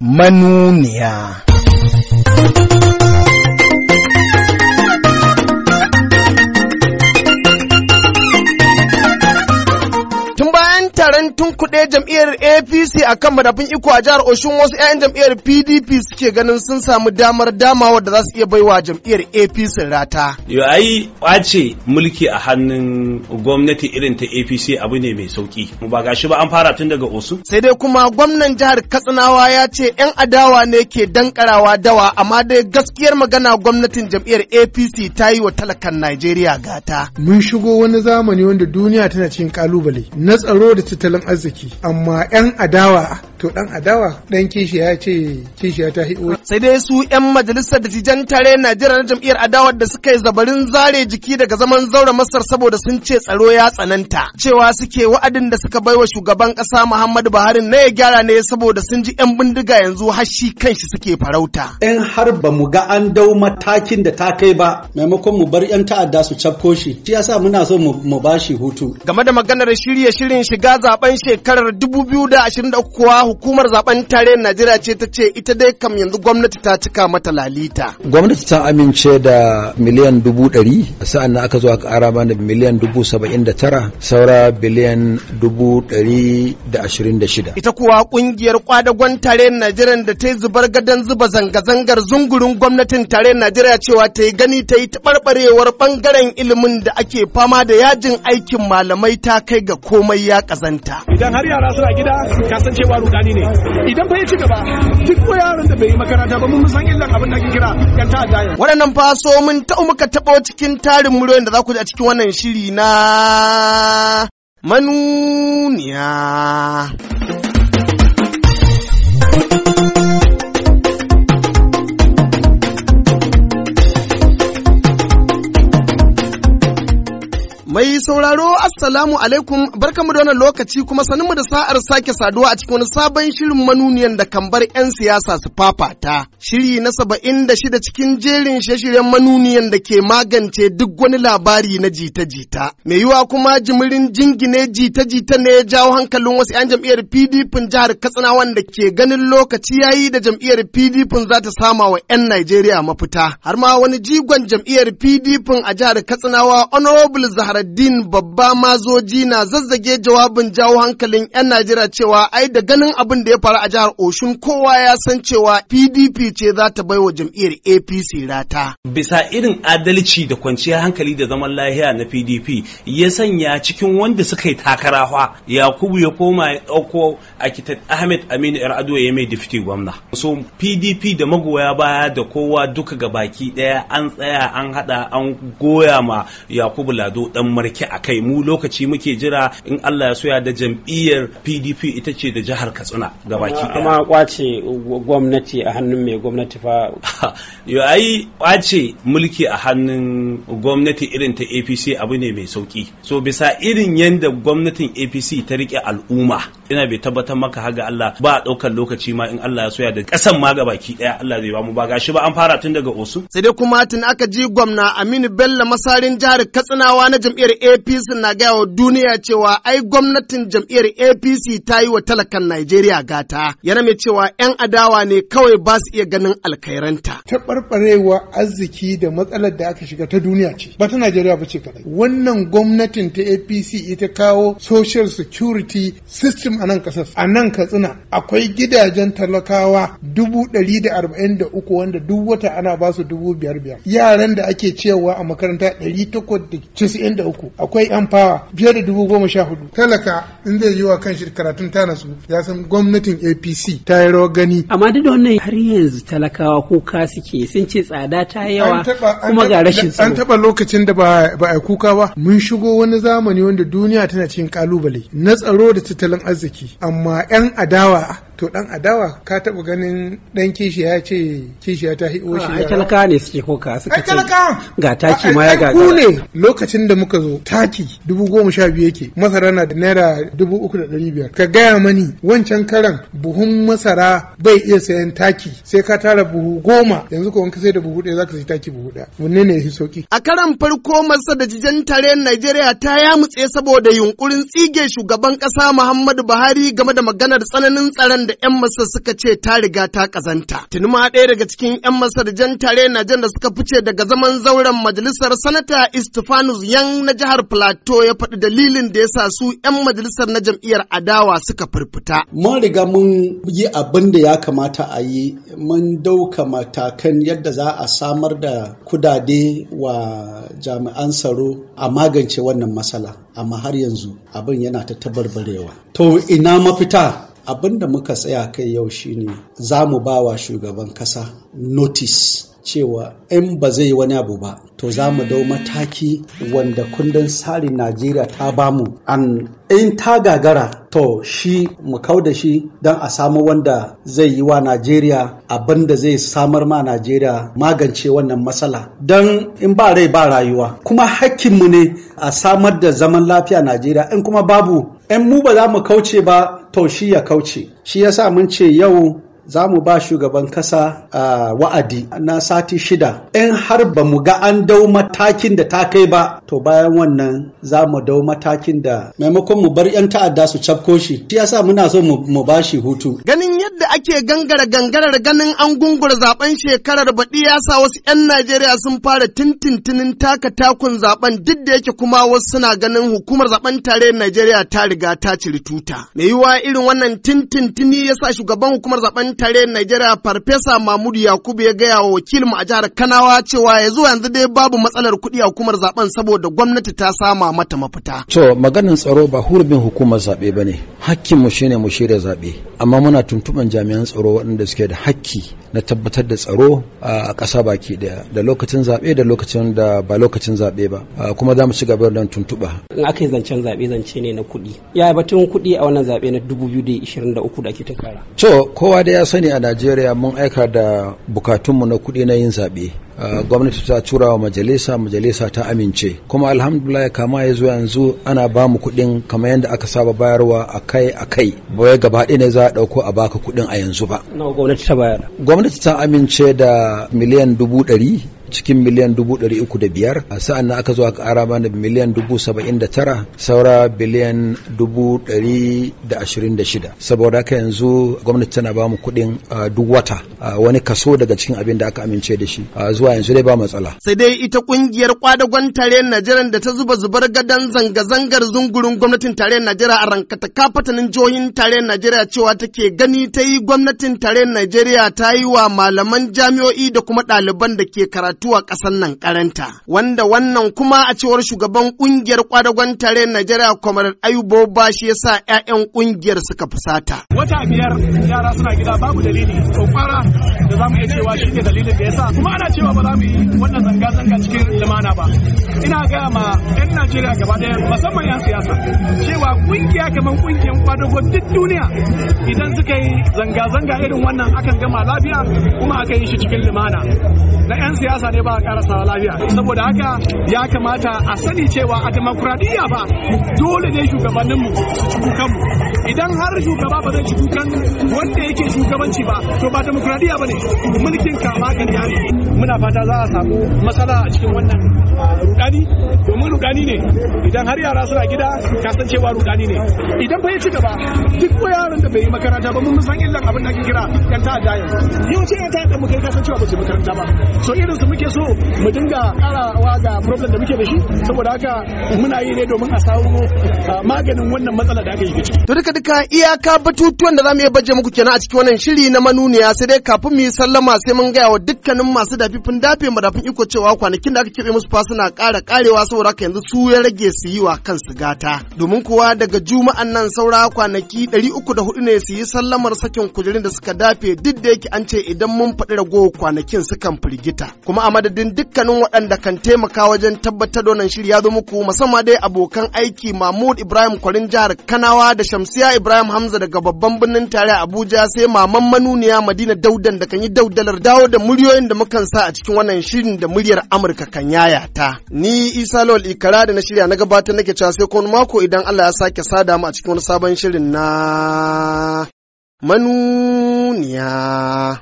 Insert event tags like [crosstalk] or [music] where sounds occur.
manuniya. Tun tunkuɗe jam'iyyar APC a kan madafin iko a jihar Oshun wasu 'ya'yan jam'iyyar PDP suke ganin sun samu damar damawa da za su iya baiwa jam'iyyar APC rata. Yo ai ƙwace mulki a hannun gwamnati irin ta APC abu ne mai sauki. Ba gashi ba an fara tun daga Osun. Sai dai kuma gwamnan jihar Katsinawa ya ce 'yan adawa ne ke dankarawa dawa amma dai gaskiyar magana gwamnatin jam'iyyar APC ta yi wa talakan Najeriya gata. Mun shigo wani zamani wanda duniya tana cikin kalubale na tsaro da tattalin arziki amma 'yan adawa to dan adawa dan kishiya ce kishiya ta hiwo sai dai su yan majalisar dattijan tare Najeriya na jam'iyyar adawar da suka yi zabarin zare jiki daga zaman zaura Masar saboda sun ce tsaro ya tsananta cewa suke wa'adin da suka baiwa shugaban kasa Muhammadu Buhari na ya gyara ne saboda sun ji yan bindiga yanzu har shi kanshi suke farauta in har ba mu ga an dau matakin da ta kai ba maimakon mu bar yan ta'adda su cafko shi shi yasa muna so mu bashi hutu game da maganar shirye shirin shiga zaben shekarar 2023 kuwa hukumar zaben tarayyar Najeriya ce ta ce ita dai kam yanzu gwamnati ta cika mata lalita. Gwamnati ta amince da miliyan dubu ɗari sa'an nan aka zo aka ƙara mana miliyan dubu saba'in da tara saura biliyan dubu ɗari da ashirin da shida. Ita kuwa ƙungiyar kwadagon tarayyar Najeriya da ta yi zubar gadon zuba zanga-zangar zungurin gwamnatin tarayyar Najeriya cewa ta yi gani ta yi taɓarɓarewar ɓangaren ilimin da ake fama da yajin aikin malamai ta kai ga komai ya ƙazanta. Idan har yara suna gida kasancewa ruɗa tsakani ne idan fa ya ci gaba duk yaron da bai yi makaranta ba mun san illan abin da ake kira yan da yanzu waɗannan fa so mun ta muka taɓo cikin tarin muryoyin da za ku ji a cikin wannan shiri na manuniya Mai sauraro Assalamu alaikum barkamu da wannan lokaci kuma sanin mu da sa'ar sake saduwa a cikin wani sabon shirin manuniyan da kan bar 'yan siyasa su fafata. Shiri na saba'in da shida cikin jerin shirye-shiryen manuniyan da ke magance duk wani labari na jita-jita. Mai yiwa kuma jimirin jingine jita-jita ne ya jawo hankalin wasu 'yan jam'iyyar PDP jihar Katsina wanda ke ganin lokaci yayi da jam'iyyar PDP za ta sama wa 'yan Najeriya mafita. Har ma wani jigon jam'iyyar PDP a jihar Katsinawa Honorable Zahra Zaharaddin babba mazoji na zazzage jawabin jawo hankalin 'yan Najeriya cewa ai da ganin abin da ya faru a jihar Oshun kowa ya san cewa PDP ce za ta bai wa jam'iyyar APC rata. Bisa irin adalci da kwanciyar hankali da zaman lahiya na PDP ya sanya cikin wanda suka yi takarawa Yakubu ya koma ya ɗauko Akitat Ahmed Aminu Yar'adua ya mai difti gwamna. So PDP da magoya baya da kowa duka gabaki ɗaya an tsaya an haɗa an goya ma Yakubu Lado ɗan marke a kai mu lokaci muke jira in Allah ya soya da jam'iyyar PDP ita ce da jihar Katsina gabaki ɗaya amma kwace gwamnati a hannun mai gwamnati fa [laughs] yo ai kwace mulki a hannun gwamnati irin ta APC abu ne mai sauki so bisa irin yanda gwamnatin APC ta rike al'umma ina bai tabbatar maka haga Allah ba a ɗaukar lokaci ma in Allah ya soya da ƙasan ma gabaki ɗaya Allah zai ba mu ba gashi ba an fara tun daga Osun sai dai kuma tun aka ji gwamna Aminu Bello masarin jihar Katsinawa na jam'iyyar jam'iyyar APC na gaya wa duniya cewa ai gwamnatin jam'iyyar APC ta yi wa talakan Najeriya gata, yana mai cewa 'yan adawa ne kawai ba su iya ganin alkairanta. Taɓarɓarewa arziki da matsalar da aka shiga ta duniya ce, ba ta Najeriya ba ce kadai. Wannan gwamnatin ta APC ita kawo social security system a nan ƙasar. A nan Katsina akwai gidajen talakawa dubu ɗari da arba'in da uku wanda duk wata ana ba su dubu biyar biyar. Yaran da ake cewa a makaranta ɗari takwas da uku akwai yan fawa biyar da dubu goma sha hudu talaka in zai yi wa kan shi karatun ta nasu ya san gwamnatin apc ta yi rawar gani amma duk da wannan har yanzu talakawa kuka suke sun ce tsada ta yawa kuma ga rashin tsaro an taba lokacin da ba a kuka ba mun shigo wani zamani wanda duniya tana cikin kalubale na tsaro da tattalin arziki amma yan adawa to dan adawa ka taba ganin dan kishiya ce kishiya ta hiwo shi ya talaka ne suke koka suka ce ga taki ma ya ga ne lokacin da muka zo taki dubu yake masara na da naira dubu ka gaya mani wancan karan buhun masara bai iya sayan taki sai ka tara buhu goma yanzu ko ka sai da buhu ɗaya zaka sai taki buhu ɗaya wanne ne yafi sauki a karan farko masa da jijen tare Najeriya ta mutse saboda yunkurin tsige shugaban ƙasa Muhammadu Buhari game da maganar tsananin tsaron da 'yan Masar suka ce ta riga ta kazanta. Tuni ma ɗaya daga cikin 'yan Masar jan tare na jan da suka fice daga zaman zauren majalisar sanata Istifanus Yan na jihar Plateau ya faɗi dalilin da ya sa su 'yan majalisar na jam'iyyar adawa suka firfita. Mun riga mun yi abin da ya kamata a yi mun dauka matakan yadda za a samar da kudade wa jami'an tsaro a magance wannan matsala amma har yanzu abin yana ta tabarbarewa. To ina mafita abin da muka tsaya kai yau shine za mu ba wa shugaban kasa notice cewa in ba zai wani abu ba to za mu dau mataki wanda kundin tsarin najeriya ta bamu an in ta gagara to shi mu kau da shi don a samu wanda zai yi wa najeriya abin da zai samar ma najeriya magance wannan matsala don in ba rai ba rayuwa kuma hakkinmu ne a samar da zaman lafiya najeriya in kuma babu 'yan mu ba za mu kauce ba to shi ya kauce shi yasa mun ce yau za mu ba shugaban kasa a wa'adi na sati shida in har ba mu ga an dau matakin da ta kai ba to bayan wannan za mu dau matakin da maimakon mu bar 'yan ta'adda su cafko shi shi yasa muna so mu ba shi hutu ganin yadda ake gangara gangarar ganin an gungura zaben shekarar baɗi ya sa wasu 'yan najeriya sun fara tintintinin taka takun zaben duk da yake kuma wasu suna ganin hukumar zaben tarayyar najeriya ta riga ta ciri tuta mai yiwuwa irin wannan tintintini ya sa shugaban hukumar zaben tare Najeriya Farfesa Mahmudu Yakubu ya gaya wa wakilinmu a jihar Kanawa cewa ya zuwa yanzu dai babu matsalar kuɗi a hukumar zaben saboda gwamnati ta sama mata mafita. To maganin tsaro ba hurbin hukumar zaɓe ba ne. Hakkinmu shine mu shirya zaɓe. Amma muna tuntuɓan jami'an tsaro waɗanda suke da hakki na tabbatar da tsaro a ƙasa baki ɗaya da lokacin zaɓe da lokacin da ba lokacin zaɓe ba. Kuma za mu ci gaba da tuntuɓa. In aka yi zancen zaɓe zance ne na kuɗi. Ya batun kuɗi a wannan zaɓe na 2023 da ake tunkara. To kowa da ya sani a najeriya mun aika da bukatunmu na kuɗi na yin zaɓe gwamnati ta tura wa majalisa majalisa ta amince kuma alhamdulillah kama ya zo yanzu ana ba mu kuɗin kamar yadda aka saba bayarwa a kai a kai bai gaba ne za a ɗauko a baka kuɗin a yanzu ba gwamnati ta bayar gwamnati ta amince da miliyan dubu ɗari cikin miliyan dubu ɗari uku da biyar sa'an nan aka zo aka ƙara mana miliyan dubu saba'in da tara saura biliyan dubu ɗari da ashirin da shida saboda haka yanzu gwamnati tana ba mu kuɗin duk wata wani kaso daga cikin abin da aka amince da shi zuwa yanzu dai ba matsala. sai dai ita ƙungiyar kwadagon tare najeriya da ta zuba zubar gadon zanga-zangar zungurin gwamnatin tare najeriya a rankata kafatanin jihohin tare najeriya cewa take gani ta yi gwamnatin tare najeriya ta yi wa malaman jami'o'i da kuma ɗaliban da ke karatu batuwa ƙasar nan karanta. Wanda wannan kuma a cewar shugaban ƙungiyar kwadagon tare Najeriya Kwamar Ayubo ba shi ya sa 'ya'yan ƙungiyar suka fusata. Wata biyar yara suna gida babu dalili kwakwara da za mu iya cewa shi ne dalilin da ya sa kuma ana cewa ba za mu yi wannan zanga-zanga cikin lumana ba. Ina gaya ma Najeriya gaba daya musamman 'yan siyasa cewa kungiya kamar kungiyan kwadago duk duniya idan suka yi zanga-zanga irin wannan akan gama lafiya kuma aka yi shi cikin lumana. na 'yan siyasa ne ba a karasa lafiya saboda haka ya kamata a sani cewa a demokuraɗiyya ba dole ne shugabanninmu su idan har shugaba ba zai ci kukan wanda yake shugabanci ba to ba demokuraɗiyya ba ne mulkin kama kan yare muna fata za a samu matsala a cikin wannan rudani domin rudani ne idan har yara suna gida kasancewa cewa rudani ne idan fa ya ci gaba duk yaron da bai yi makaranta ba mun san illan abin da ake kira yan ta'adda yanzu yawanci yan ta'adda mu kai ka san cewa ba su makaranta ba so irin su muke so mu dinga karawa ga problem da muke da shi saboda haka muna yi ne domin a samu maganin wannan matsala da aka yi ciki to duka duka iyaka batutuwan da zamu iya baje muku kenan a cikin wannan shiri na manuniya sai dai kafin mu yi sallama sai mun ga wa dukkanin masu dafifin dafe madafin iko cewa kwanakin da aka kebe musu fasa suna ƙara ƙarewa saboda haka yanzu su ya rage su yi wa kansu gata domin kuwa daga juma'an nan saura kwanaki 304 ne su yi sallamar sakin kujerun da suka dafe duk da yake an ce idan mun faɗi rago kwanakin sukan firgita kuma a madadin dukkanin waɗanda kan taimaka wajen tabbatar da wannan shiri ya zo muku musamman dai abokan aiki Mahmud Ibrahim Kwarin jihar Kanawa da Shamsiya Ibrahim Hamza daga babban birnin tare a Abuja sai maman manuniya Madina Daudan da kan yi daudalar dawo da muryoyin da mukan sa a cikin wannan shirin da muryar Amurka kan yaya ta. Ni Isa Lawal Ikara da na shirya na gabatar nake cewa sai kon mako idan Allah ya sake sada mu a cikin wani sabon shirin na manuniya.